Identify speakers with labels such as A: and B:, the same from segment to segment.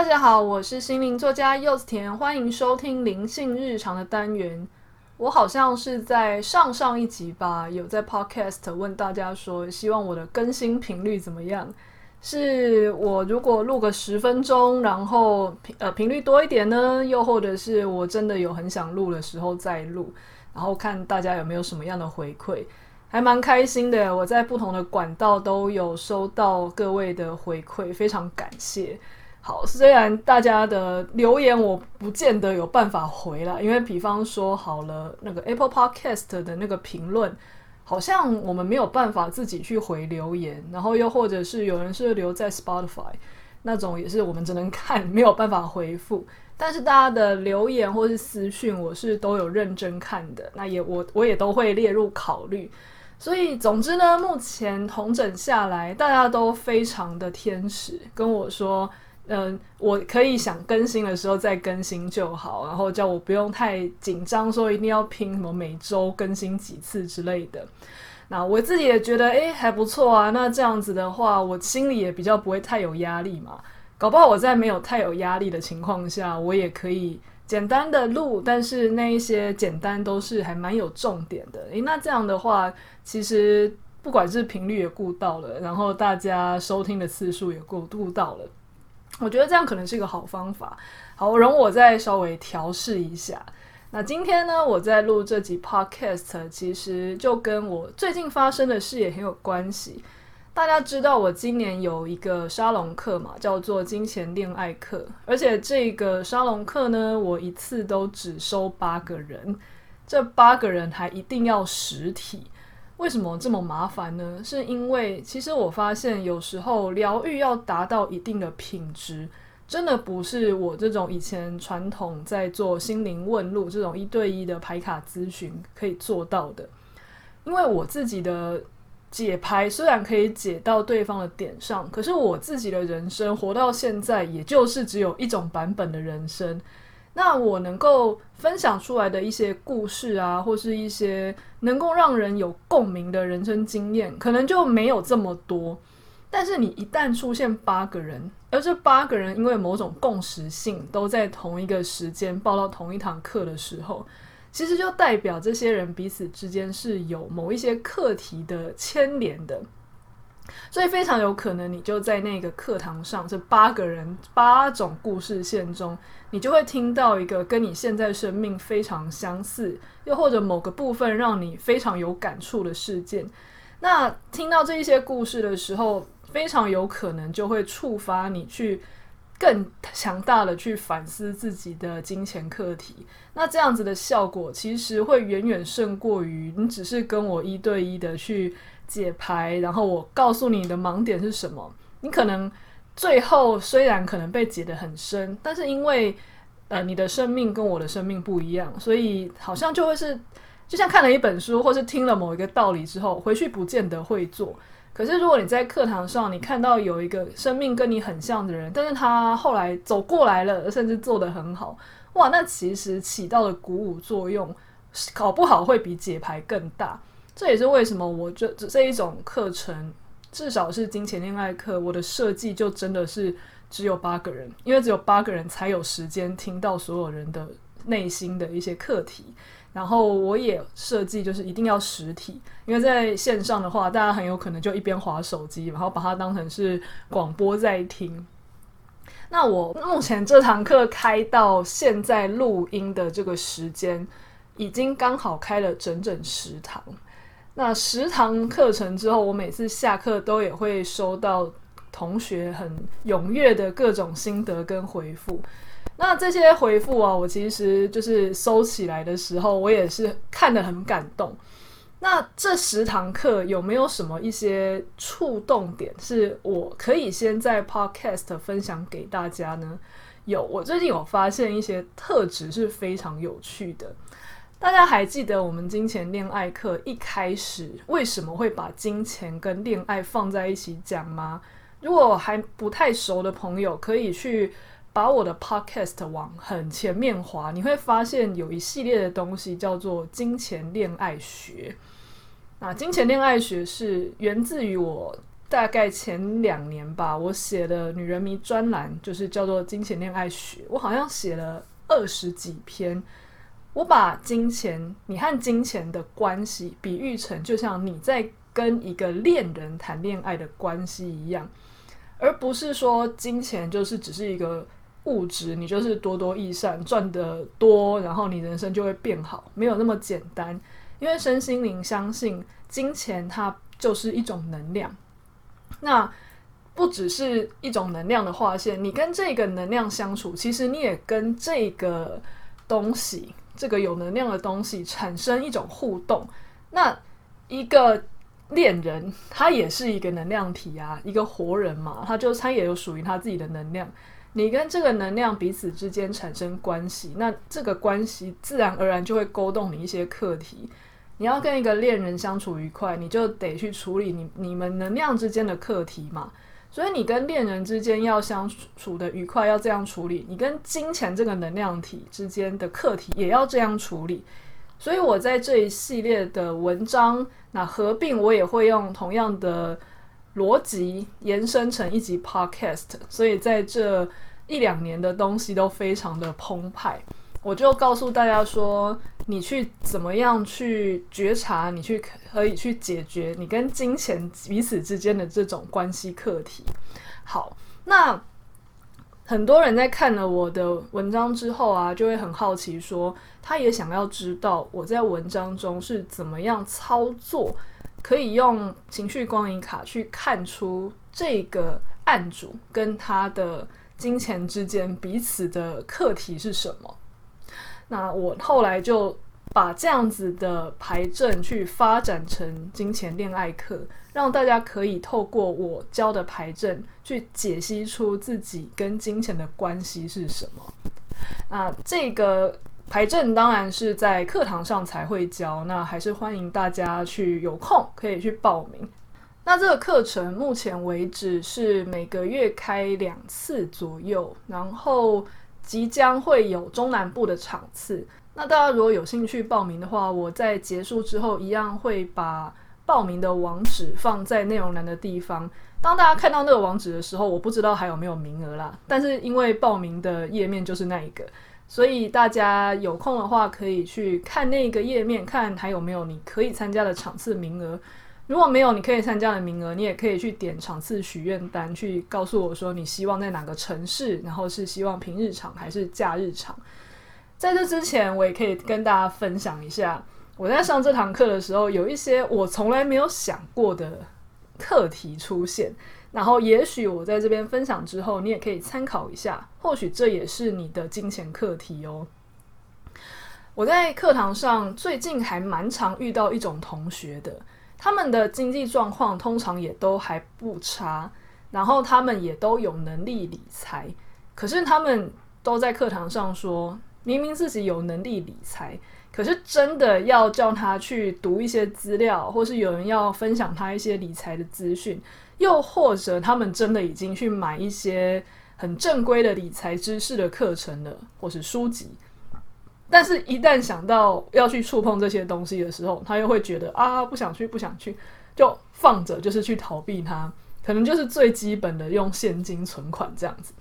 A: 大家好，我是心靈作家柚子甜，歡迎收聽靈性日常的單元。我好像是在上上一集吧，有在 Podcast 問大家說，希望我的更新頻率怎麼樣？是我如果錄個十分鐘，然後頻呃頻率多一點呢？又或者是我真的有很想錄的時候再錄，然後看大家有沒有什麼樣的回饋，還蠻開心的。我在不同的管道都有收到各位的回饋，非常感謝。好，雖然大家的留言我不見得有辦法回了，因為比方說，好了，那個 Apple Podcast 的那個評論，好像我們沒有辦法自己去回留言，然後又或者是有人是留在 Spotify 那種，也是我們只能看，沒有辦法回復。但是大家的留言或是私訊，我是都有認真看的，那也我我也都會列入考慮。所以總之呢，目前統整下來，大家都非常的天使，跟我說。嗯、呃，我可以想更新的時候再更新就好，然後叫我不用太緊張，說一定要拼什麼每周更新幾次之類的。那我自己也覺得，哎、欸，還不錯啊。那這樣子的話，我心裡也比較不會太有壓力嘛。搞不好我在沒有太有壓力的情況下，我也可以簡單的錄，但是那一些簡單都是還蠻有重點的。哎、欸，那這樣的話，其實不管是頻率也顧到了，然後大家收聽的次數也顧到了。我覺得這樣可能是一個好方法。好，容我再稍微調試一下。那今天呢，我在錄這集 Podcast，其實就跟我最近發生的事也很有關係。大家知道我今年有一個沙龍課嘛，叫做“金錢戀愛課”，而且這個沙龍課呢，我一次都只收八個人，這八個人還一定要實體。為什麼這麼麻煩呢？是因為其實我發現，有時候療癒要達到一定的品質，真的不是我這種以前傳統在做心靈問路這種一對一的牌卡諮詢可以做到的。因為我自己的解牌雖然可以解到對方的點上，可是我自己的人生活到現在，也就是只有一種版本的人生。那我能夠分享出來的一些故事啊，或是一些能夠讓人有共鳴的人生經驗，可能就沒有這麼多。但是你一旦出現八個人，而這八個人因為某種共識性都在同一個時間報到同一堂課的時候，其實就代表這些人彼此之間是有某一些課題的牽連的。所以非常有可能，你就在那個課堂上，這八個人八種故事線中，你就會聽到一個跟你現在生命非常相似，又或者某個部分讓你非常有感觸的事件。那聽到這一些故事的時候，非常有可能就會觸發你去更強大的去反思自己的金錢課題。那這樣子的效果，其實會遠遠勝過於你只是跟我一對一的去。解牌，然後我告訴你的盲點是什麼，你可能最後雖然可能被解得很深，但是因為呃你的生命跟我的生命不一樣，所以好像就會是就像看了一本書或是聽了某一個道理之後，回去不見得會做。可是如果你在課堂上，你看到有一個生命跟你很像的人，但是他後來走過來了，甚至做得很好，哇，那其實起到的鼓舞作用，搞不好會比解牌更大。這也是為什麼我這這一種課程，至少是金錢戀愛課，我的設計就真的是只有八個人，因為只有八個人才有時間聽到所有人的內心的一些課題。然後我也設計就是一定要實體，因為在線上的話，大家很有可能就一邊滑手機，然後把它當成是廣播在聽。那我目前這堂課開到現在錄音的這個時間，已經剛好開了整整十堂。那十堂課程之後，我每次下課都也會收到同學很踴躍的各種心得跟回復。那這些回復啊，我其實就是收起來的時候，我也是看得很感動。那這十堂課有沒有什麼一些觸動點，是我可以先在 podcast 分享給大家呢？有，我最近有發現一些特質是非常有趣的。大家還記得我們金錢戀愛課一開始為什麼會把金錢跟戀愛放在一起講嗎？如果還不太熟的朋友，可以去把我的 podcast 往很前面滑，你會發現有一系列的東西叫做金錢戀愛學。那金錢戀愛學是源自於我大概前兩年吧，我寫的女人迷專欄就是叫做金錢戀愛學，我好像寫了二十幾篇。我把金錢你和金錢的關係比喻成，就像你在跟一個戀人談戀愛的關係一樣，而不是說金錢就是只是一個物質，你就是多多益善，賺得多，然後你人生就會變好，沒有那麼簡單。因為身心靈相信金錢，它就是一種能量，那不只是一種能量的劃線，你跟這個能量相處，其實你也跟這個東西。這個有能量的東西產生一種互動，那一個戀人他也是一個能量體啊，一個活人嘛，他就他也有屬於他自己的能量。你跟這個能量彼此之間產生關係，那這個關係自然而然就會勾動你一些課題。你要跟一個戀人相處愉快，你就得去處理你你們能量之間的課題嘛。所以你跟戀人之間要相處得愉快，要這樣處理；你跟金錢這個能量體之間的課題也要這樣處理。所以我在這一系列的文章，那合併我也會用同樣的邏輯延伸成一集 podcast。所以在這一兩年的東西都非常的澎湃，我就告訴大家說。你去怎麼樣去覺察？你去可以去解決你跟金錢彼此之間的這種關係課題。好，那很多人在看了我的文章之後啊，就會很好奇，說他也想要知道我在文章中是怎麼樣操作，可以用情緒光影卡去看出這個案主跟他的金錢之間彼此的課題是什麼。那我後來就把這樣子的牌陣去發展成金錢戀愛課，讓大家可以透過我教的牌陣去解析出自己跟金錢的關係是什麼。那這個牌陣當然是在課堂上才會教，那還是歡迎大家去有空可以去報名。那這個課程目前為止是每個月開兩次左右，然後即將會有中南部的場次，那大家如果有興趣報名的話，我在結束之後一樣會把報名的網址放在內容欄的地方。當大家看到那個網址的時候，我不知道還有沒有名額啦，但是因為報名的頁面就是那一個，所以大家有空的話可以去看那個頁面，看還有沒有你可以參加的場次名額。如果沒有你可以參加的名額，你也可以去點場次許願單，去告訴我說你希望在哪個城市，然後是希望平日場還是假日場。在這之前，我也可以跟大家分享一下，我在上這堂課的時候，有一些我從來沒有想過的課題出現。然後，也許我在這邊分享之後，你也可以參考一下，或許這也是你的金錢課題哦。我在課堂上最近還蠻常遇到一種同學的。他們的經濟狀況通常也都還不差，然後他們也都有能力理財，可是他們都在課堂上說，明明自己有能力理財，可是真的要叫他去讀一些資料，或是有人要分享他一些理財的資訊，又或者他們真的已經去買一些很正規的理財知識的課程了，或是書籍。但是，一旦想到要去觸碰這些東西的時候，他又會覺得啊，不想去，不想去，就放着，就是去逃避他。可能就是最基本的用現金存款這樣子。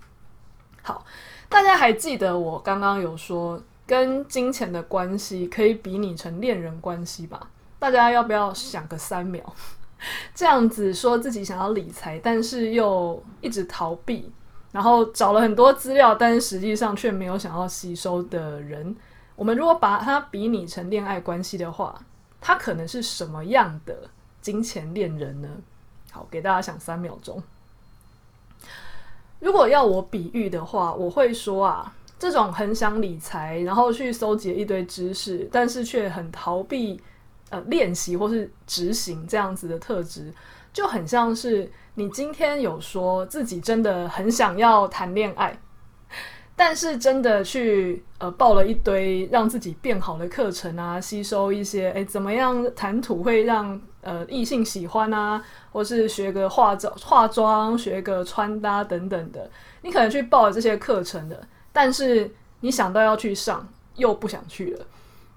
A: 好，大家還記得我剛剛有說，跟金錢的關係可以比擬成戀人關係吧？大家要不要想個三秒？這樣子說自己想要理財，但是又一直逃避，然後找了很多資料，但是實際上卻沒有想要吸收的人。我們如果把它比擬成戀愛關係的話，它可能是什麼樣的金錢戀人呢？好，給大家想三秒鐘。如果要我比喻的話，我會說啊，這種很想理財，然後去蒐集一堆知識，但是卻很逃避呃練習或是執行這樣子的特質，就很像是你今天有說自己真的很想要談戀愛。但是真的去呃報了一堆讓自己變好的課程啊，吸收一些誒、欸，怎麼樣談吐會讓呃異性喜歡啊，或是學個化妝、化妝、學個穿搭等等的，你可能去報了這些課程的，但是你想到要去上又不想去了，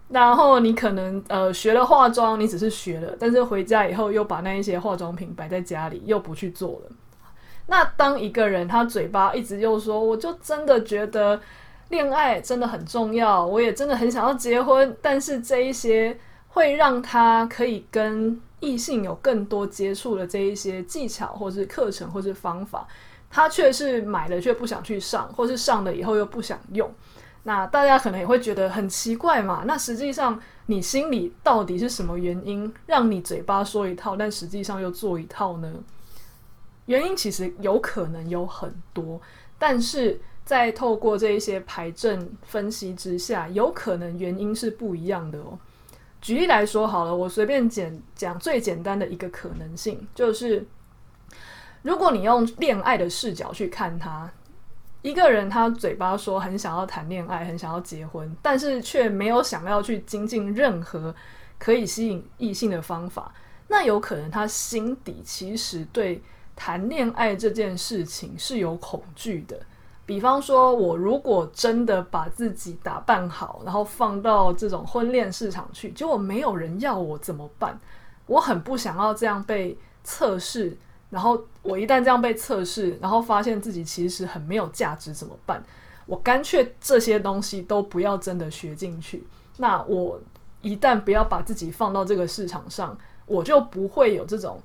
A: 然後你可能呃學了化妝，你只是學了，但是回家以後又把那一些化妝品擺在家裡，又不去做了。那當一個人他嘴巴一直又說，我就真的覺得戀愛真的很重要，我也真的很想要結婚。但是這一些會讓他可以跟異性有更多接觸的這一些技巧，或是課程，或是方法，他卻是買了卻不想去上，或是上了以後又不想用。那大家可能也會覺得很奇怪嘛。那實際上你心裡到底是什麼原因，讓你嘴巴說一套，但實際上又做一套呢？原因其實有可能有很多，但是在透過這一些牌陣分析之下，有可能原因是不一樣的哦。舉例來說，好了，我隨便簡講最簡單的一個可能性，就是如果你用戀愛的視角去看他，一個人他嘴巴說很想要談戀愛，很想要結婚，但是卻沒有想要去精進任何可以吸引異性的方法，那有可能他心底其實對談戀愛這件事情是有恐懼的，比方說，我如果真的把自己打扮好，然後放到這種婚戀市場去，結果沒有人要我，怎麼辦？我很不想要這樣被測試，然後我一旦這樣被測試，然後發現自己其實很沒有價值，怎麼辦？我乾脆這些東西都不要真的學進去。那我一旦不要把自己放到這個市場上，我就不會有這種。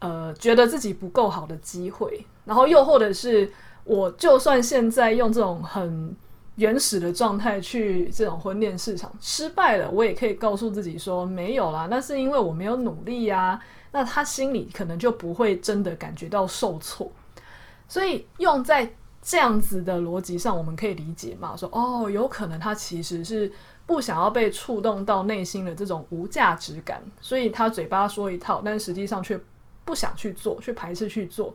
A: 呃，覺得自己不夠好的機會，然後又或者是，我就算現在用這種很原始的狀態去這種婚戀市場失敗了，我也可以告訴自己說沒有啦，那是因為我沒有努力呀。那他心裡可能就不會真的感覺到受挫，所以用在這樣子的邏輯上，我們可以理解嘛？說哦，有可能他其實是不想要被觸動到內心的這種無價值感，所以他嘴巴說一套，但實際上卻。不想去做，去排斥去做。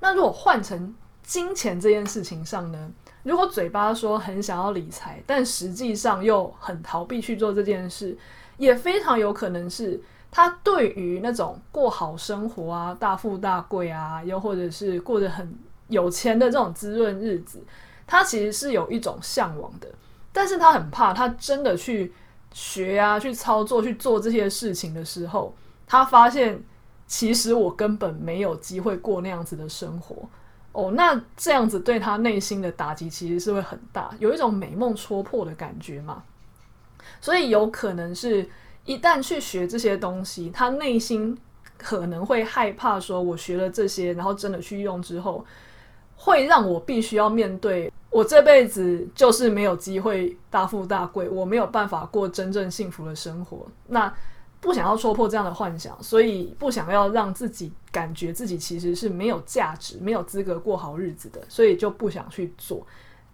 A: 那如果換成金錢這件事情上呢？如果嘴巴說很想要理財，但實際上又很逃避去做這件事，也非常有可能是他對於那種過好生活啊、大富大貴啊，又或者是過着很有錢的這種滋潤日子，他其實是有一種嚮往的。但是他很怕，他真的去學呀、啊、去操作、去做這些事情的時候，他發現。其實我根本沒有機會過那樣子的生活哦，那這樣子對他內心的打擊其實是會很大，有一種美夢戳破的感覺嘛。所以有可能是一旦去學這些東西，他內心可能會害怕，說我學了這些，然後真的去用之後，會讓我必須要面對，我這輩子就是沒有機會大富大貴，我沒有辦法過真正幸福的生活。那不想要戳破這樣的幻想，所以不想要讓自己感覺自己其實是沒有價值、沒有資格過好日子的，所以就不想去做。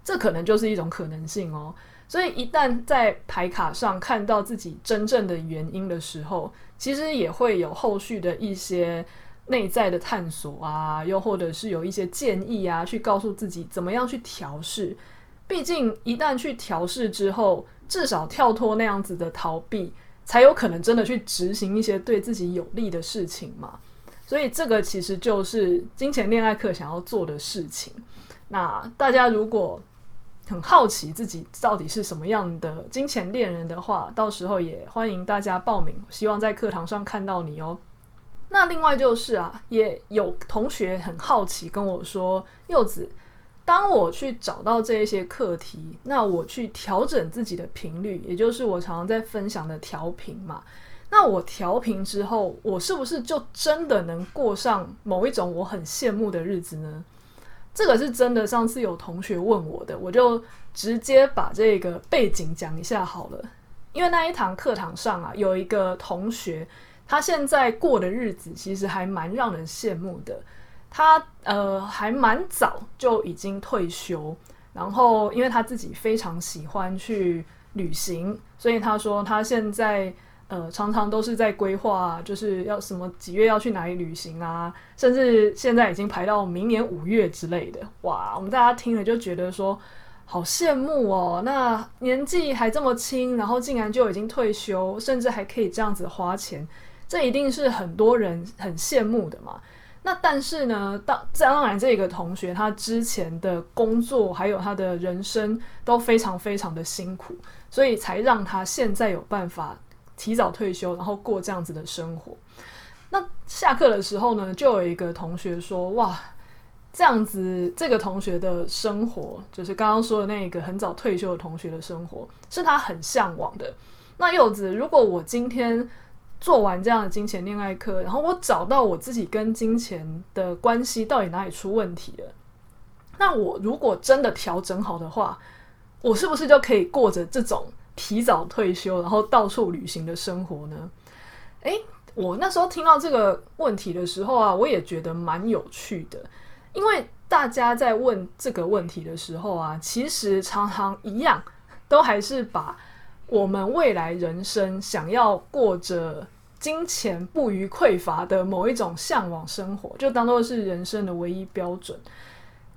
A: 這可能就是一種可能性哦。所以一旦在牌卡上看到自己真正的原因的時候，其實也會有後續的一些內在的探索啊，又或者是有一些建議啊，去告訴自己怎麼樣去調適。畢竟一旦去調適之後，至少跳脫那樣子的逃避。才有可能真的去執行一些對自己有利的事情嘛，所以這個其實就是金錢戀愛課想要做的事情。那大家如果很好奇自己到底是什麼樣的金錢戀人的話，到時候也歡迎大家報名，希望在課堂上看到你哦。那另外就是啊，也有同學很好奇跟我說，柚子。當我去找到這一些課題，那我去調整自己的頻率，也就是我常常在分享的調頻嘛。那我調頻之後，我是不是就真的能過上某一種我很羨慕的日子呢？這個是真的，上次有同學問我的，我就直接把這個背景講一下好了。因為那一堂課堂上啊，有一個同學，他現在過的日子其實還蠻讓人羨慕的。他呃還蠻早就已經退休，然後因為他自己非常喜歡去旅行，所以他說他現在呃常常都是在規劃，就是要什麼幾月要去哪裡旅行啊，甚至現在已經排到明年五月之類的。哇，我們大家聽了就覺得說好羨慕哦。那年紀還這麼輕，然後竟然就已經退休，甚至還可以這樣子花錢，這一定是很多人很羨慕的嘛。那但是呢，當當然這個同學他之前的工作還有他的人生都非常非常的辛苦，所以才讓他現在有辦法提早退休，然後過這樣子的生活。那下課的時候呢，就有一個同學說：“哇，這樣子這個同學的生活，就是剛剛說的那個很早退休的同學的生活，是他很向往的。”那柚子，如果我今天，做完這樣的金錢戀愛課，然後我找到我自己跟金錢的關係到底哪裡出問題了。那我如果真的調整好的話，我是不是就可以過着這種提早退休，然後到處旅行的生活呢？誒、欸，我那時候聽到這個問題的時候啊，我也覺得蠻有趣的，因為大家在問這個問題的時候啊，其實常常一樣，都還是把。我們未來人生想要過着金錢不虞匱乏的某一種嚮往生活，就當做是人生的唯一標準。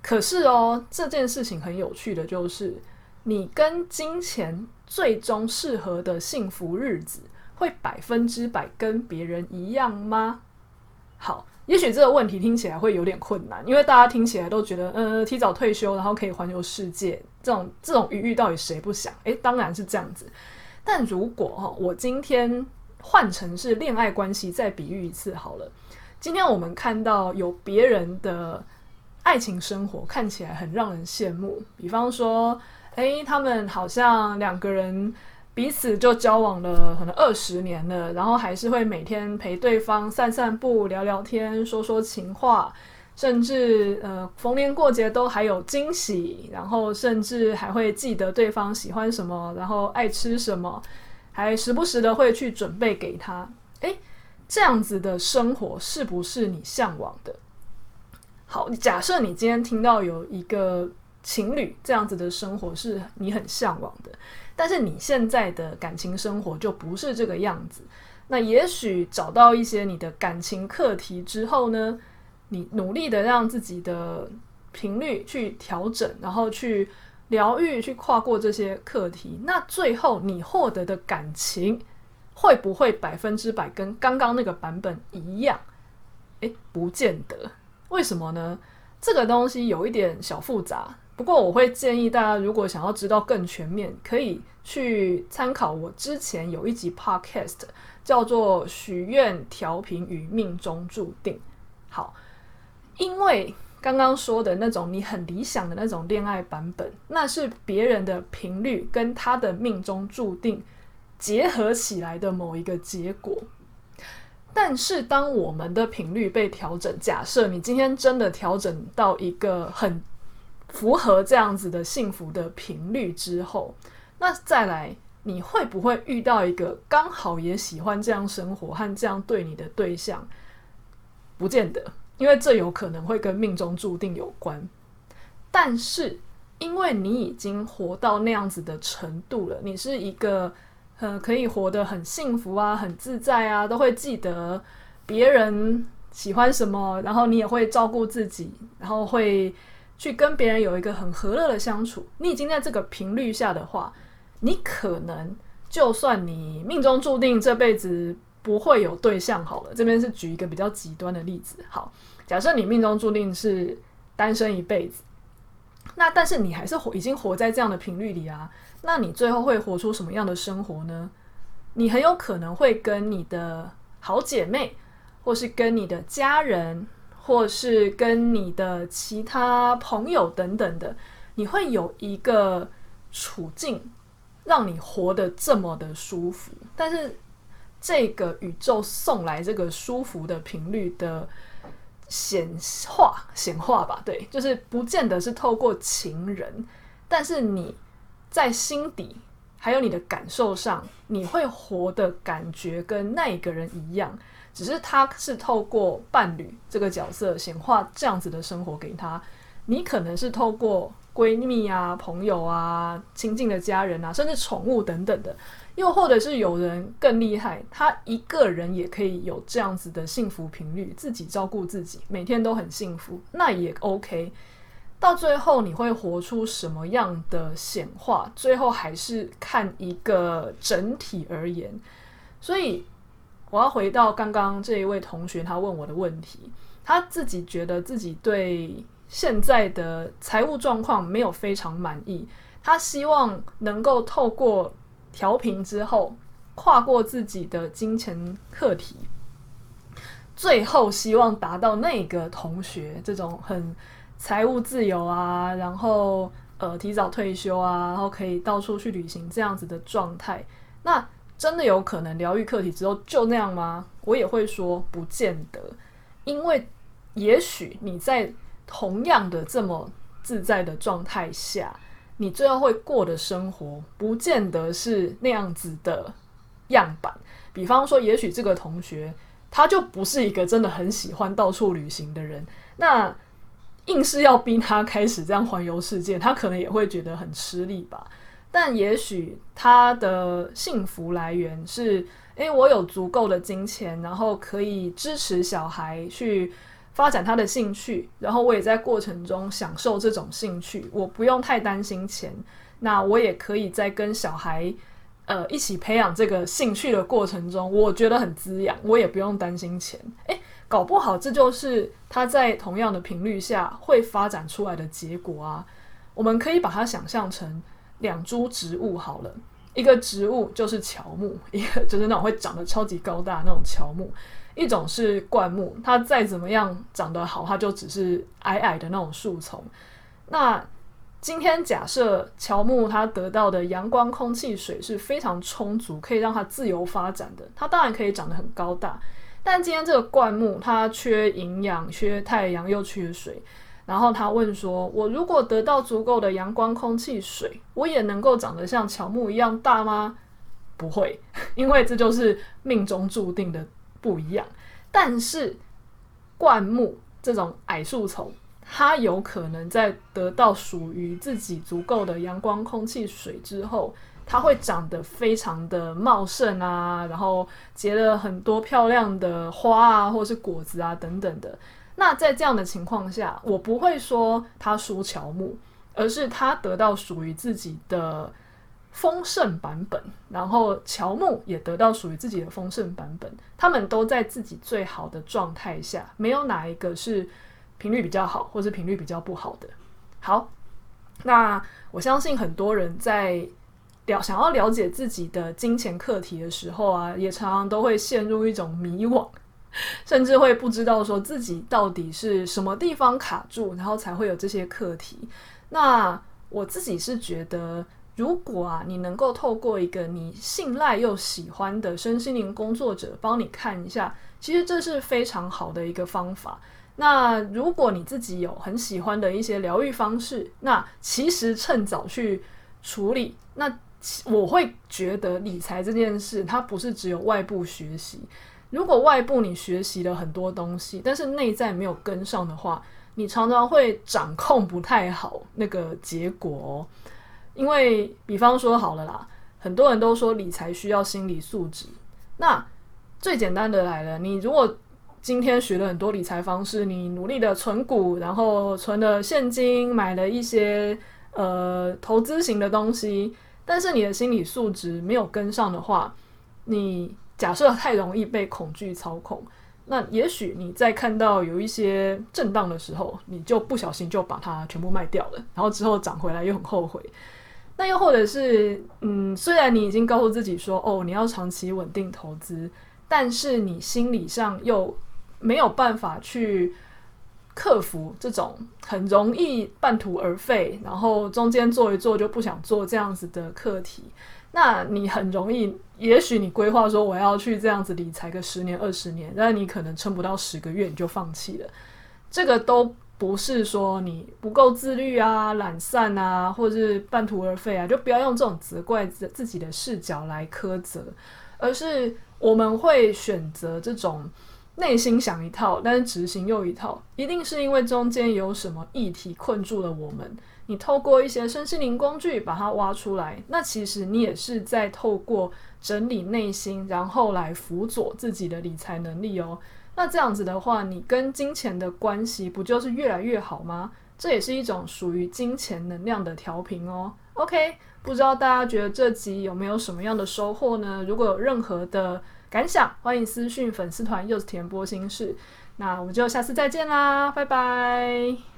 A: 可是哦，這件事情很有趣的就是，你跟金錢最終適合的幸福日子，會百分之百跟別人一樣嗎？好。也許這個問題聽起來會有點困難，因為大家聽起來都覺得，呃，提早退休然後可以環遊世界，這種這種比喻到底誰不想？誒、欸，當然是這樣子。但如果哈、哦，我今天換成是戀愛關係，再比喻一次好了。今天我們看到有別人的愛情生活，看起來很讓人羨慕，比方說，哎、欸，他們好像兩個人。彼此就交往了可能二十年了，然後還是會每天陪對方散散步、聊聊天、說說情話，甚至呃逢年過節都還有驚喜，然後甚至還會記得對方喜歡什麼，然後愛吃什麼，還時不時的會去準備給他。誒，這樣子的生活是不是你嚮往的？好，假設你今天聽到有一個情侶這樣子的生活是你很嚮往的。但是你現在的感情生活就不是這個樣子。那也許找到一些你的感情課題之後呢，你努力的讓自己的頻率去調整，然後去療癒，去跨過這些課題。那最後你獲得的感情會不會百分之百跟剛剛那個版本一樣？誒，不見得。為什麼呢？這個東西有一點小複雜。不過我會建議大家，如果想要知道更全面，可以去參考我之前有一集 podcast 叫做《許願調頻與命中注定》。好，因為剛剛說的那種你很理想的那種戀愛版本，那是別人的頻率跟他的命中注定結合起來的某一個結果。但是當我們的頻率被調整，假設你今天真的調整到一個很……符合這樣子的幸福的頻率之後，那再來你會不會遇到一個剛好也喜歡這樣生活和這樣對你的對象？不見得，因為這有可能會跟命中注定有關。但是因為你已經活到那樣子的程度了，你是一個嗯，可以活得很幸福啊，很自在啊，都會記得別人喜歡什麼，然後你也會照顧自己，然後會。去跟別人有一個很和樂的相處，你已經在這個頻率下的話，你可能就算你命中注定這輩子不會有對象好了。這邊是舉一個比較極端的例子，好，假設你命中注定是單身一輩子，那但是你還是活，已經活在這樣的頻率裡啊，那你最後會活出什麼樣的生活呢？你很有可能會跟你的好姐妹，或是跟你的家人，或是跟你的其他朋友等等的，你會有一個處境，讓你活得這麼的舒服。但是這個宇宙送來這個舒服的頻率的顯化，顯化吧，對，就是不見得是透過情人，但是你在心底還有你的感受上，你會活的感覺跟那個人一樣。只是他是透過伴侶這個角色顯化這樣子的生活給他，你可能是透過閨蜜啊、朋友啊、親近的家人啊，甚至寵物等等的，又或者是有人更厲害，他一個人也可以有這樣子的幸福頻率，自己照顧自己，每天都很幸福，那也 OK。到最後你會活出什麼樣的顯化，最後還是看一個整體而言，所以。我要回到剛剛這一位同學他問我的問題，他自己覺得自己對現在的財務狀況沒有非常滿意。他希望能夠透過調頻之後，跨過自己的金錢課題，最後希望達到那個同學這種很財務自由啊，然後呃提早退休啊，然後可以到處去旅行這樣子的狀態，那。真的有可能療癒課題之後就那樣嗎？我也會說不見得，因為也許你在同樣的這麼自在的狀態下，你最後會過的生活不見得是那樣子的樣板。比方說，也許這個同學他就不是一個真的很喜歡到處旅行的人，那硬是要逼他開始這樣環遊世界，他可能也會覺得很吃力吧。但也許他的幸福來源是因為，欸，我有足夠的金錢，然後可以支持小孩去發展他的興趣，然後我也在過程中享受這種興趣，我不用太擔心錢。那我也可以在跟小孩呃一起培養這個興趣的過程中，我覺得很滋養，我也不用擔心錢。誒、欸，搞不好這就是他在同樣的頻率下會發展出來的結果啊！我們可以把它想象成。兩株植物好了，一個植物就是喬木，一個就是那種會長得超級高大的那種喬木；一種是灌木，它再怎麼樣長得好，它就只是矮矮的那種樹叢。那今天假設喬木它得到的陽光、空氣、水是非常充足，可以讓它自由發展的，它當然可以長得很高大。但今天這個灌木，它缺營養、缺太陽又缺水。然後他問說：“我如果得到足夠的陽光、空氣、水，我也能夠長得像喬木一樣大嗎？”不會，因為這就是命中注定的不一樣。但是灌木這種矮樹叢，它有可能在得到屬於自己足夠的陽光、空氣、水之後，它會長得非常的茂盛啊，然後結了很多漂亮的花啊，或是果子啊等等的。那在這樣的情況下，我不會說他輸喬木，而是他得到屬於自己的豐盛版本，然後喬木也得到屬於自己的豐盛版本，他們都在自己最好的狀態下，沒有哪一個是頻率比較好，或是頻率比較不好的。好，那我相信很多人在了想要了解自己的金錢課題的時候啊，也常常都會陷入一種迷惘。甚至會不知道說自己到底是什麼地方卡住，然後才會有這些課題。那我自己是覺得，如果啊，你能夠透過一個你信賴又喜歡的身心靈工作者幫你看一下，其實這是非常好的一個方法。那如果你自己有很喜歡的一些療癒方式，那其實趁早去處理。那我會覺得理財這件事，它不是只有外部學習。如果外部你學習了很多東西，但是內在沒有跟上的話，你常常會掌控不太好那個結果哦。因為，比方說，好了啦，很多人都說理財需要心理素質。那最簡單的來了，你如果今天學了很多理財方式，你努力的存股，然後存了現金，買了一些呃投資型的東西，但是你的心理素質沒有跟上的話，你。假設太容易被恐懼操控，那也許你在看到有一些震盪的時候，你就不小心就把它全部賣掉了，然後之後漲回來又很後悔。那又或者是，嗯，雖然你已經告訴自己說，哦，你要長期穩定投資，但是你心理上又沒有辦法去克服這種很容易半途而廢，然後中間做一做就不想做這樣子的課題。那你很容易，也許你規劃說我要去這樣子理財個十年二十年，但是你可能撐不到十個月你就放棄了。這個都不是說你不夠自律啊、懶散啊，或者是半途而廢啊，就不要用這種責怪自自己的視角來苛責，而是我們會選擇這種內心想一套，但是執行又一套，一定是因為中間有什麼議題困住了我們。你透過一些身心靈工具把它挖出來，那其實你也是在透過整理內心，然後來輔佐自己的理財能力哦。那這樣子的話，你跟金錢的關係不就是越來越好嗎？這也是一種屬於金錢能量的調頻哦。OK，不知道大家覺得這集有沒有什麼樣的收穫呢？如果有任何的感想，歡迎私訊粉絲團柚子甜剝心事。那我們就下次再見啦，拜拜。